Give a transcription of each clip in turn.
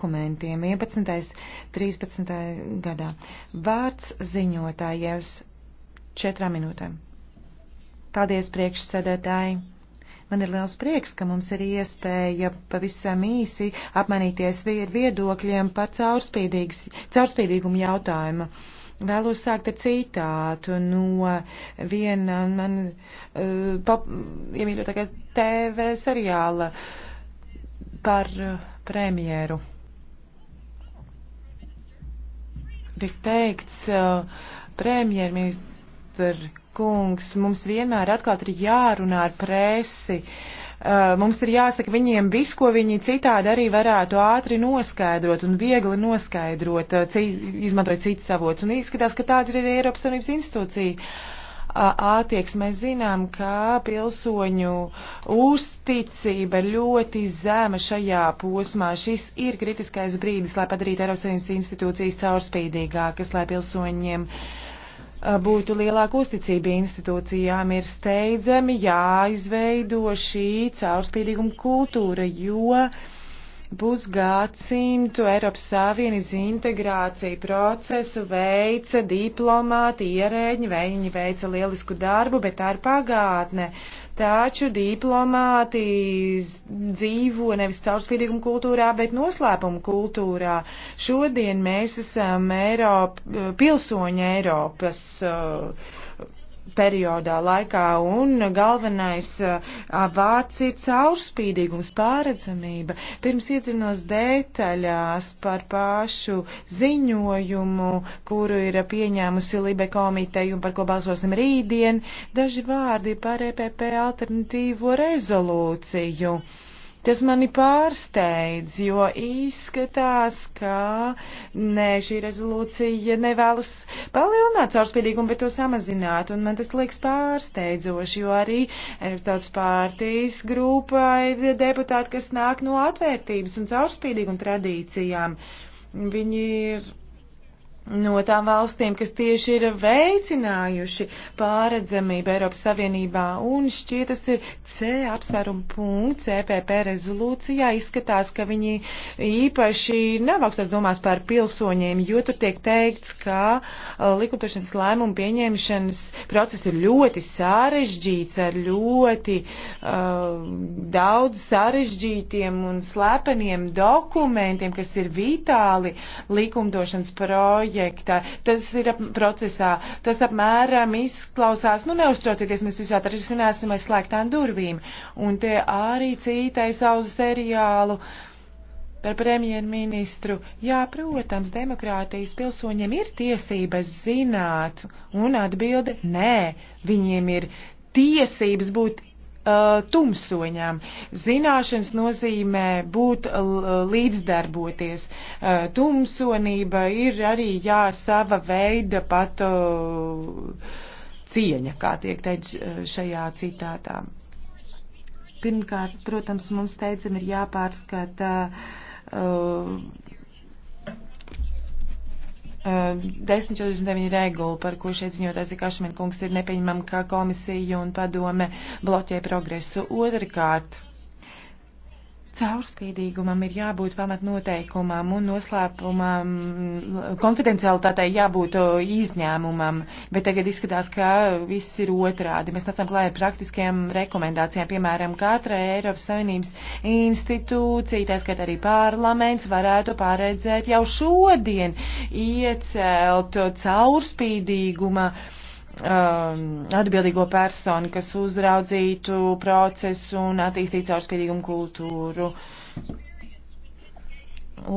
dokumentiem 11. 13. gadā. Vārds ziņotājiem četrām minūtēm. Paldies, priekšsēdētāji! Man ir liels prieks, ka mums ir iespēja pavisam īsi apmainīties viedokļiem par caurspīdīgumu jautājumu. Vēlos sākt ar citātu no viena man uh, pop, iemīļotākais TV seriāla par eh, premjeru. Respekts, uh, premjerministra kungs, mums vienmēr atkal ir jārunā ar presi. Uh, mums ir jāsaka viņiem viss, ko viņi citādi arī varētu ātri noskaidrot un viegli noskaidrot, uh, izmantojot citas avots. Un izskatās, ka tāda ir arī Eiropas Savienības institūcija attieksmi. Mēs zinām, ka pilsoņu uzticība ļoti zema šajā posmā. Šis ir kritiskais brīdis, lai padarītu Eiropas Savienības institūcijas caurspīdīgākas, lai pilsoņiem būtu lielāka uzticība institūcijām, ir steidzami jāizveido šī caurspīdīguma kultūra, jo uh, pusgadsimtu Eiropas Savienības integrācija procesu veica diplomāti, ierēģi, viņi veica lielisku darbu, bet tā ir pagātne. Taču diplomāti dzīvo nevis caurspīdīguma kultūrā, bet noslēpuma kultūrā. Šodien mēs esam Eiropa, pilsoņi Eiropas. Uh, periodā laikā, un galvenais vārds ir caurspīdīgums, pāredzamība. Pirms iedzinos detaļās par pašu ziņojumu, kuru ir pieņēmusi Libe komiteja un par ko balsosim rītdien, daži vārdi par EPP alternatīvo rezolūciju. Uh, Tas mani pārsteidz, jo izskatās, ka nē, šī rezolūcija nevēlas palielināt caurspīdīgumu, bet to samazināt, un man tas liekas pārsteidzoši, jo arī Eiropas tautas pārtīs grupā ir deputāti, kas nāk no atvērtības un caurspīdīguma tradīcijām. Viņi ir no tām valstīm, kas tieši ir veicinājuši pāredzamību Eiropas Savienībā. Un šķiet, tas ir C apsvērumu punkts CPP e rezolūcijā. Izskatās, ka viņi īpaši nav augstās domās par pilsoņiem, jo tur tiek teikts, ka uh, likumdošanas lēmumu pieņemšanas process ir ļoti sarežģīts ar ļoti uh, daudz sarežģītiem un slēpeniem dokumentiem, kas ir vitāli likumdošanas projekts projektā. Tas ir ap, procesā. Tas apmēram izklausās, nu neuztraucieties, mēs visā tā risināsim aiz slēgtām durvīm. Un te arī cītai savu seriālu. Par premjerministru. Jā, protams, demokrātijas pilsoņiem ir tiesības zināt, un atbilde nē. Viņiem ir tiesības būt uh, tumsoņām. Zināšanas nozīmē būt uh, līdzdarboties. Uh, tumsonība ir arī jā, sava veida pat uh, cieņa, kā tiek teikt uh, šajā citātā. Pirmkārt, protams, mums teicam ir jāpārskata. Uh, uh 1049 eh, regula, par ko šeit ziņotājs Kašmen kungs ir nepieņemama, kā komisija un padome bloķē progresu. Otrakārt, Caurspīdīgumam ir jābūt pamatnoteikumam un noslēpumam, konfidencialitātei jābūt izņēmumam, bet tagad izskatās, ka viss ir otrādi. Mēs nācām klāt ar praktiskiem rekomendācijām, piemēram, katra Eiropas Savienības institūcija, tā skat arī parlaments, varētu paredzēt jau šodien iecelt caurspīdīguma uh, um, atbildīgo personu, kas uzraudzītu procesu un attīstītu caurspīdīgumu kultūru.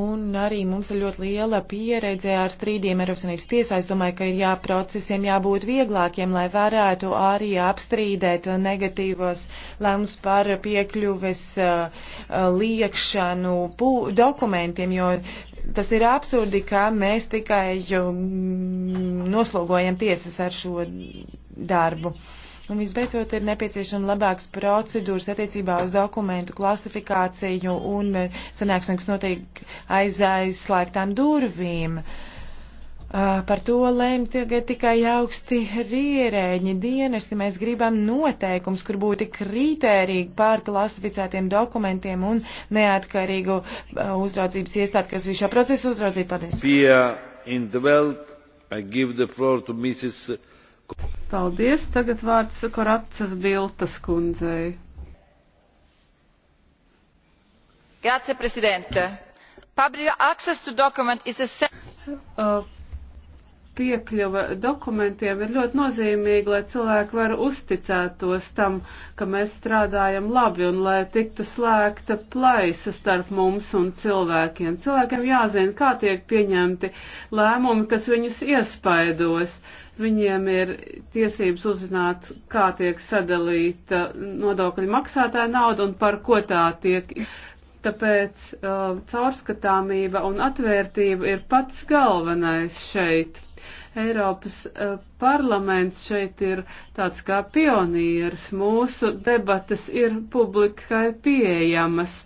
Un arī mums ir ļoti liela pieredze ar strīdiem Eiropas Savienības tiesā. Es domāju, ka ir jāprocesiem jābūt vieglākiem, lai varētu arī apstrīdēt negatīvos lēmumus par piekļuves uh, uh liekšanu dokumentiem, jo tas ir absurdi, ka mēs tikai um, noslogojam tiesas ar šo darbu. Un visbeidzot ir nepieciešama labāks procedūras attiecībā uz dokumentu klasifikāciju un eh, sanāksmēks notiek aiz aizslēgtām durvīm. Uh, par to lēma tagad tikai augsti rierēņi dienesti. Mēs gribam noteikums, kur būtu kriterīgi pār klasificētiem dokumentiem un neatkarīgu uzraudzības iestādi, kas visu šo procesu uzraudzīja. Paldies! Paldies! Tagad vārds Koracas Biltas kundzei. Grazie, Presidente. Public access to document is a... Uh, piekļuva dokumentiem ir ļoti nozīmīga, lai cilvēki var uzticētos tam, ka mēs strādājam labi un lai tiktu slēgta plaisa starp mums un cilvēkiem. Cilvēkiem jāzina, kā tiek pieņemti lēmumi, kas viņus iespaidos. Viņiem ir tiesības uzzināt, kā tiek sadalīta nodokļu maksātāja nauda un par ko tā tiek. Tāpēc uh, caurskatāmība un atvērtība ir pats galvenais šeit. Eiropas eh, parlaments šeit ir tāds kā pionieris. Mūsu debatas ir publikai pieejamas.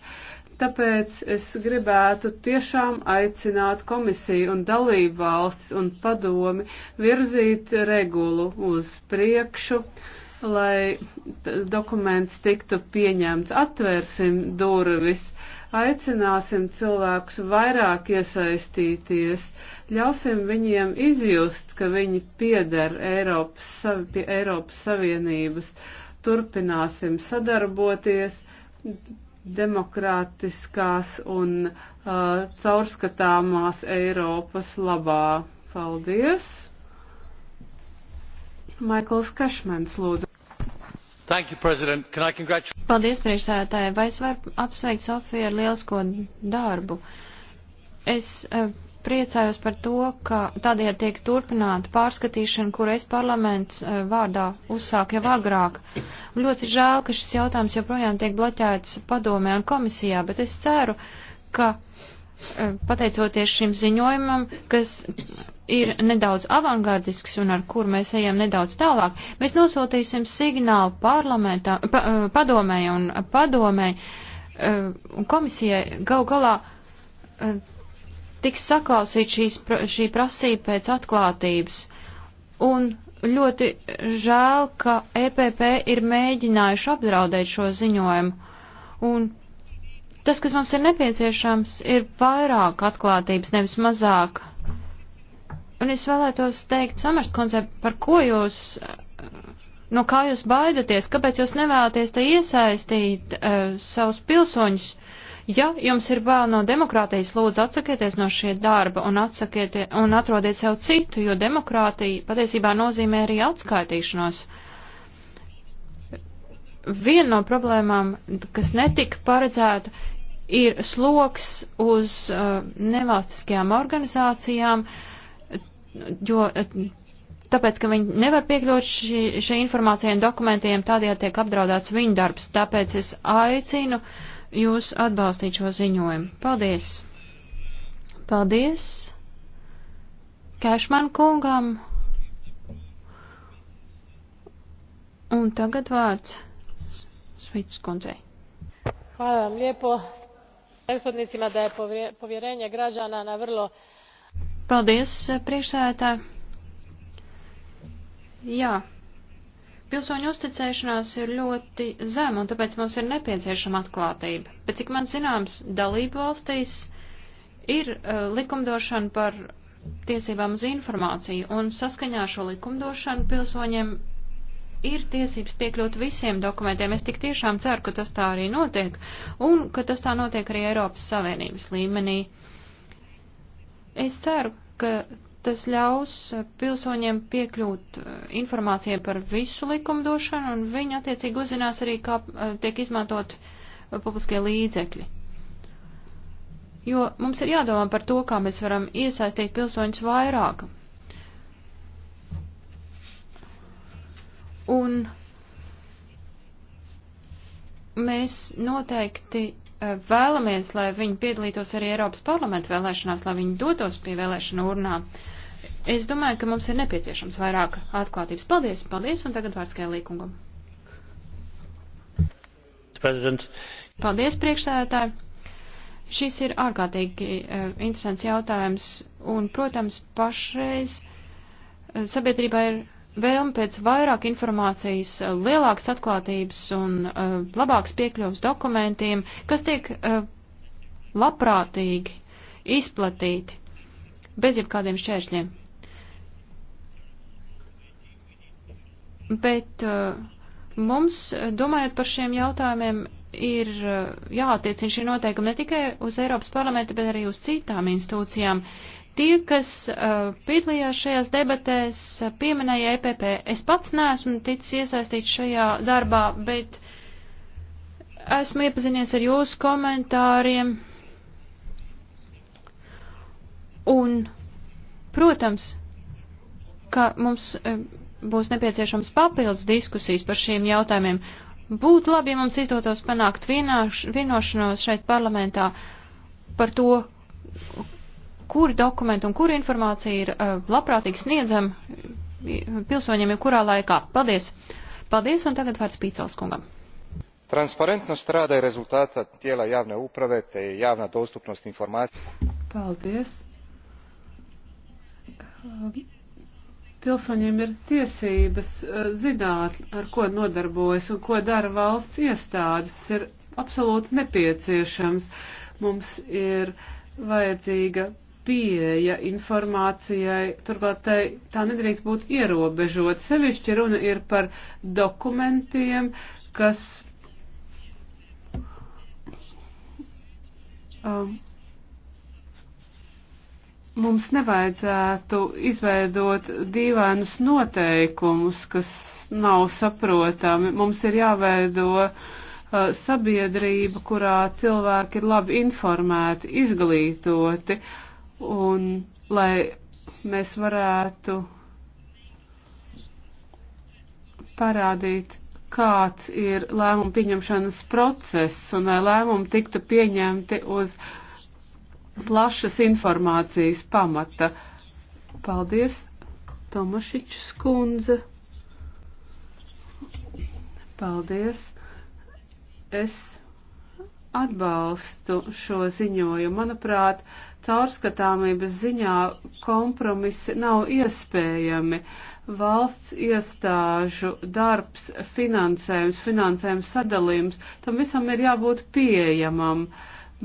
Tāpēc es gribētu tiešām aicināt komisiju un dalību valstis un padomi virzīt regulu uz priekšu, lai dokuments tiktu pieņemts. Atvērsim durvis. Uh, Aicināsim cilvēkus vairāk iesaistīties, ļausim viņiem izjust, ka viņi pieder Eiropas, pie Eiropas Savienības, turpināsim sadarboties demokrātiskās un uh, caurskatāmās Eiropas labā. Paldies! Maikls Kašmens lūdzu. You, Paldies, priekšsēdētāji. Vai es varu apsveikt Sofiju ar lielisko darbu? Es uh, priecājos par to, ka tādēļ tiek turpināta pārskatīšana, kur es parlaments uh, vārdā uzsāku jau agrāk. Ļoti žēl, ka šis jautājums joprojām tiek bloķēts padomē un komisijā, bet es ceru, ka uh, pateicoties šim ziņojumam, kas ir nedaudz avangardisks un ar kur mēs ejam nedaudz tālāk, mēs nosūtīsim signālu parlamentā, pa, eh, padomē un padomē eh, un komisijai gau galā eh, tiks saklausīt šīs, šī prasība pēc atklātības. Un ļoti žēl, ka EPP ir mēģinājuši apdraudēt šo ziņojumu. Un tas, kas mums ir nepieciešams, ir vairāk atklātības, nevis mazāk. Un es vēlētos teikt Samars kundze, par ko jūs, no kā jūs baidaties, kāpēc jūs nevēlaties te iesaistīt uh, savus pilsoņus? Ja jums ir bail no demokrātijas, lūdzu atsakieties no šie darba un, un atrodiet sev citu, jo demokrātija patiesībā nozīmē arī atskaitīšanos. Viena no problēmām, kas netika paredzēta, ir sloks uz uh, nevalstiskajām organizācijām, uh, jo eh, tāpēc, ka viņi nevar piekļūt šī, šī informācija un dokumentiem, tādējādi tiek apdraudēts viņu darbs. Tāpēc es aicinu jūs atbalstīt šo ziņojumu. Paldies! Paldies! Kešman kungam! Un tagad vārds Svits kundzei. Hvala vam lijepo prethodnicima da je povjerenje građana na vrlo Paldies, priekšsēdētāji. Jā. Pilsoņu uzticēšanās ir ļoti zema, un tāpēc mums ir nepieciešama atklātība. Bet, cik man zināms, dalību valstīs ir uh, likumdošana par tiesībām uz informāciju, un saskaņā šo likumdošanu pilsoņiem ir tiesības piekļūt visiem dokumentiem. Es tik tiešām ceru, ka tas tā arī notiek, un ka tas tā notiek arī Eiropas Savienības līmenī. Es ceru, ka tas ļaus pilsoņiem piekļūt eh, informācijai par visu likumdošanu, un viņi attiecīgi uzzinās arī, kā eh, tiek izmantot eh, publiskie līdzekļi. Jo mums ir jādomā par to, kā mēs varam iesaistīt pilsoņus vairāk. Un mēs noteikti Eh, vēlamies, lai viņi piedalītos arī Eiropas parlamenta vēlēšanās, lai viņi dotos pie vēlēšana urnām. Es domāju, ka mums ir nepieciešams vairāk atklātības. Paldies, paldies, un tagad vārds Kēlī kungam. President. Paldies, priekšsēdētāji. Šis ir ārkārtīgi uh, interesants jautājums, un, protams, pašreiz uh, sabiedrībā ir vēlme pēc vairāk informācijas, eh, lielākas atklātības un uh, eh, labāks piekļuvs dokumentiem, kas tiek uh, labprātīgi izplatīti bez jebkādiem šķēršļiem. Bet uh, mums, domājot par šiem jautājumiem, ir uh, jāattiecina šī noteikuma ne tikai uz Eiropas parlamentu, bet arī uz citām institūcijām. Uh, Tie, kas uh, piedalījās šajās debatēs, uh, pieminēja EPP. Es pats neesmu ticis iesaistīts šajā darbā, bet esmu iepazinies ar jūsu komentāriem. Un, protams, ka mums uh, būs nepieciešams papildus diskusijas par šiem jautājumiem. Būtu labi, ja mums izdotos panākt vienošanos šeit parlamentā par to, kuri dokumenti un kura informācija ir eh, labprātīgi sniedzam eh, pilsoņiem jebkurā laikā. Paldies! Paldies, un tagad vārds Pīcels kungam. Transparentnost rada je rezultata tijela javne uprave te je javna dostupnost informacija. Paldies. Pilsoņiem ir tiesības eh, zināt, ar ko nodarbojas un ko dara valsts iestādes. Tas ir absolūti nepieciešams. Mums ir vajadzīga pieeja informācijai, turklāt tai, tā nedrīkst būt ierobežot. Sevišķi runa ir par dokumentiem, kas. Um, mums nevajadzētu izveidot dīvainus noteikumus, kas nav saprotami. Mums ir jāveido uh, sabiedrība, kurā cilvēki ir labi informēti, izglītoti. Uh, un lai mēs varētu parādīt, kāds ir lēmumu pieņemšanas process un lai lēmumi tiktu pieņemti uz plašas informācijas pamata. Paldies, Tomašičs kundze. Paldies. Es atbalstu šo ziņojumu. Manuprāt, caurskatāmības ziņā kompromisi nav iespējami. Valsts iestāžu darbs, finansējums, finansējums sadalījums, tam visam ir jābūt pieejamam.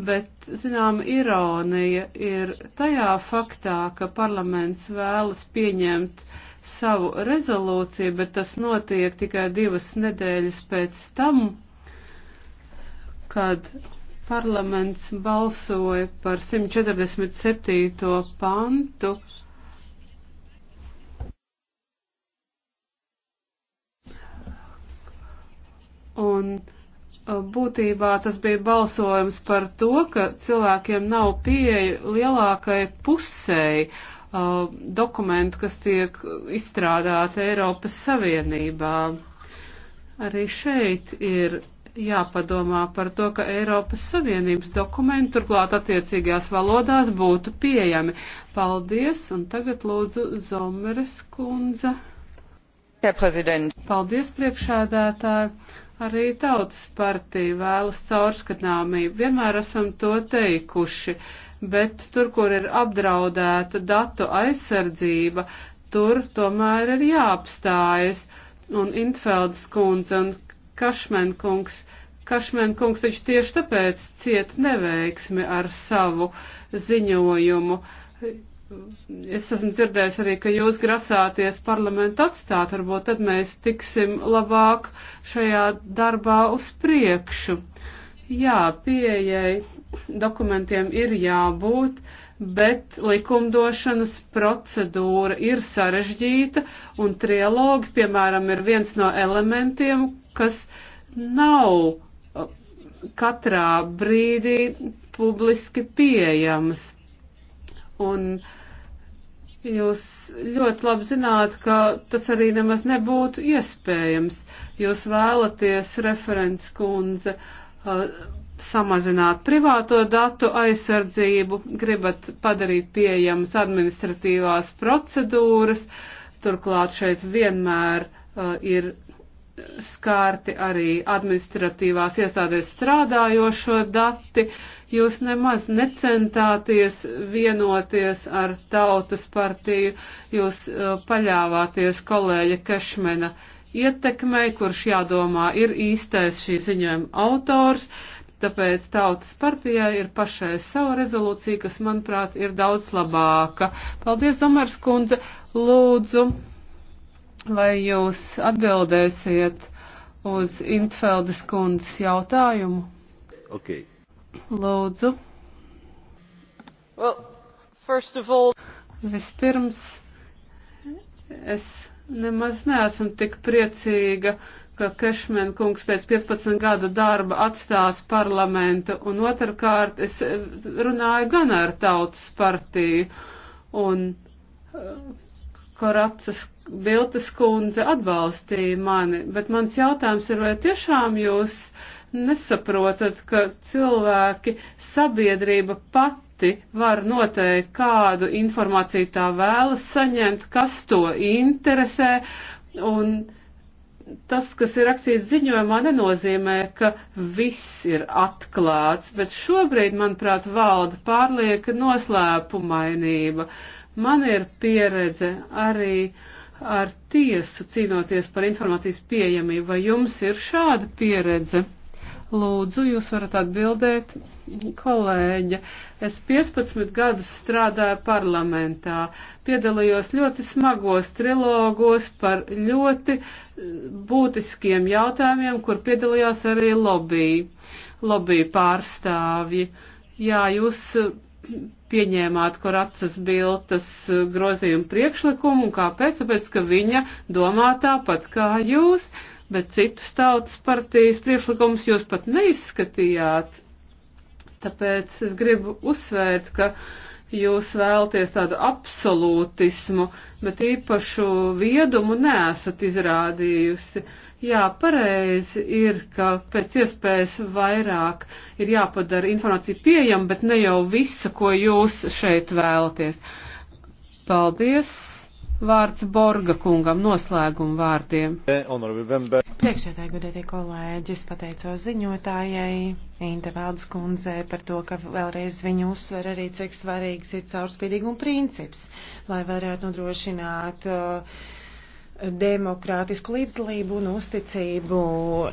Bet, zinām, ironija ir tajā faktā, ka parlaments vēlas pieņemt savu rezolūciju, bet tas notiek tikai divas nedēļas pēc tam, kad Parlaments balsoja par 147. pantu. Un uh, būtībā tas bija balsojums par to, ka cilvēkiem nav pieeja lielākai pusēji uh, dokumentu, kas tiek izstrādāta Eiropas Savienībā. Arī šeit ir jāpadomā par to, ka Eiropas Savienības dokumenti turklāt attiecīgās valodās būtu pieejami. Paldies, un tagad lūdzu Zomeres kundze. Jā, prezident. Paldies, priekšādātāji. Arī tautas partija vēlas caurskatāmību. Vienmēr esam to teikuši, bet tur, kur ir apdraudēta datu aizsardzība, tur tomēr ir jāapstājas un Intfeldes kundze un Kašmenkungs. Kašmenkungs taču tieši tāpēc ciet neveiksmi ar savu ziņojumu. Es esmu dzirdējis arī, ka jūs grasāties parlamentu atstāt, varbūt tad mēs tiksim labāk šajā darbā uz priekšu. Jā, pieejai dokumentiem ir jābūt, bet likumdošanas procedūra ir sarežģīta un trilogi, piemēram, ir viens no elementiem, kas nav uh, katrā brīdī publiski pieejamas. Un jūs ļoti labi zināt, ka tas arī nemaz nebūtu iespējams. Jūs vēlaties, referents kundze, uh, samazināt privāto datu aizsardzību, gribat padarīt pieejamas administratīvās procedūras, turklāt šeit vienmēr uh, ir skārti arī administratīvās iestādēs strādājošo dati. Jūs nemaz necentāties vienoties ar tautas partiju, jūs uh, paļāvāties kolēģa Kešmena ietekmei, kurš jādomā ir īstais šī ziņojuma autors, tāpēc tautas partijai ir pašai sava rezolūcija, kas, manuprāt, ir daudz labāka. Paldies, Omars kundze, lūdzu. Vai jūs atbildēsiet uz Intfeldes kundzes jautājumu? Ok. Lūdzu. Well, first of all... Vispirms, es nemaz neesmu tik priecīga, ka Kešmen kungs pēc 15 gadu darba atstās parlamentu, un otrkārt, es runāju gan ar tautas partiju, un eh, Koracas Biltas kundze atbalstīja mani, bet mans jautājums ir, vai tiešām jūs nesaprotat, ka cilvēki sabiedrība pati var noteikt, kādu informāciju tā vēlas saņemt, kas to interesē, un tas, kas ir rakstīts ziņojumā, nenozīmē, ka viss ir atklāts, bet šobrīd, manuprāt, valda pārlieka noslēpumainība. Man ir pieredze arī uh, ar tiesu cīnoties par informācijas pieejamību. Vai jums ir šāda pieredze? Lūdzu, jūs varat atbildēt, kolēģa. Es 15 gadus strādāju parlamentā, piedalījos ļoti smagos trilogos par ļoti eh, būtiskiem jautājumiem, kur piedalījās arī lobby, lobby pārstāvji. Jā, jūs pieņēmāt koracas biltas uh, grozījumu priekšlikumu, un kāpēc? Tāpēc, ka viņa domā tāpat kā jūs, bet citus tautas partijas priekšlikumus jūs pat neizskatījāt. Tāpēc es gribu uzsvērt, ka uh, jūs vēlties tādu absolūtismu, bet īpašu viedumu nesat izrādījusi. Jā, pareizi ir, ka pēc iespējas vairāk ir jāpadara informācija pieejama, bet ne jau visa, ko jūs šeit vēlaties. Paldies! Vārds Borga kungam noslēguma vārdiem. Priekšētāji, godētie kolēģi, es pateicos ziņotājai Inte Valdes kundzei par to, ka vēlreiz viņa uzsver arī, cik svarīgs ir caurspīdīguma princips, lai varētu nodrošināt uh, demokrātisku līdzdalību un uzticību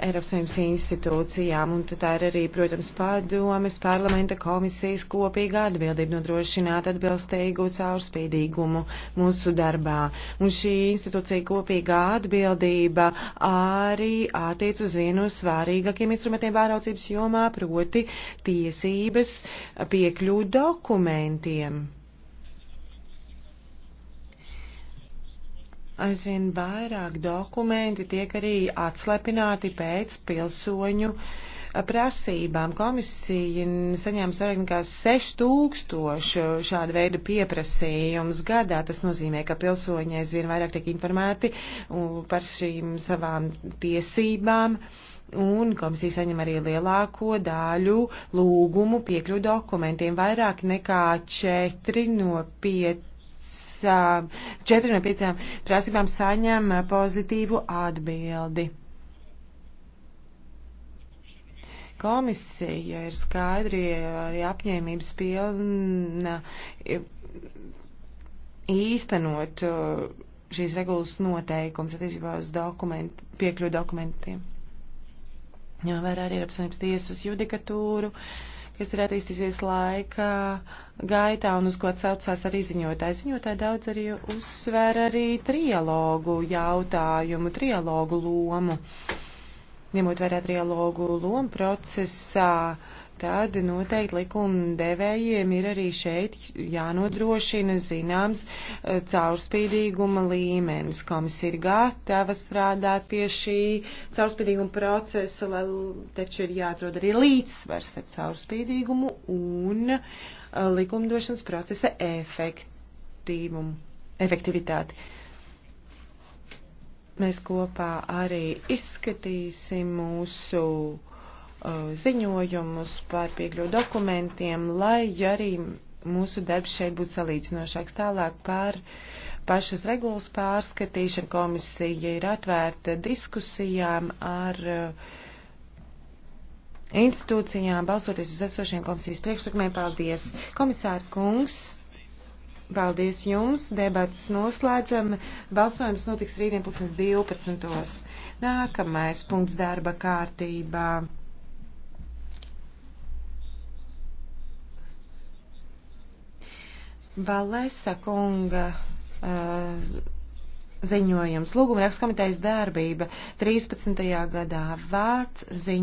Eiropas Savienības institūcijām, un tā ir arī, protams, padomes, parlamenta komisijas kopīga atbildība nodrošināt atbilstīgu caurspīdīgumu mūsu darbā. Un šī institūcija kopīgā atbildība arī attiec uz vienu no svārīgākiem instrumentiem vēraucības jomā, proti tiesības piekļūt dokumentiem. aizvien vairāk dokumenti tiek arī atslēpināti pēc pilsoņu prasībām. Komisija saņēma vairāk nekā 6000 šāda veida pieprasījums gadā. Tas nozīmē, ka pilsoņi aizvien vairāk tiek informēti par šīm savām tiesībām un komisija saņem arī lielāko daļu lūgumu piekļu dokumentiem, vairāk nekā četri no piecām Četri no piecām prasībām saņem pozitīvu atbildi. Komisija ir skaidri arī apņēmības pilna e, īstenot e, šīs regulas noteikums attiecībā uz dokumentu, piekļuvu dokumentiem. Jāvērā arī Eiropas Savienības tiesas judikatūru. Uh, kas ir attīstīsies laika gaitā un uz ko atsaucās arī ziņotāji. Ziņotāji daudz arī uzsver arī trialogu jautājumu, trialogu lomu. Uh, ņemot vērā trialogu lomu procesā, tad noteikti likumdevējiem ir arī šeit jānodrošina zināms eh, caurspīdīguma līmenis. Komisija ir gatava strādāt pie šī caurspīdīguma procesa, lai taču ir jāatrod arī līdzsvars ar caurspīdīgumu un eh, likumdošanas procesa efektīvumu, efektivitāti. Mēs kopā arī izskatīsim mūsu uh, ziņojumus par piekļuvu dokumentiem, lai arī mūsu darbs šeit būtu salīdzinošāks tālāk par pašas regulas pārskatīšanu. Komisija ir atvērta diskusijām ar uh, institūcijām, balsoties uz esošiem komisijas priekšlikumiem. Paldies, komisāra kungs! Paldies jums. Debats noslēdzam. Balsojums notiks rītdien 12. Nākamais punkts darba kārtībā. Valesa kunga uh, ziņojums. Lūguma rakstkomitejas darbība 13. gadā vārds ziņojums.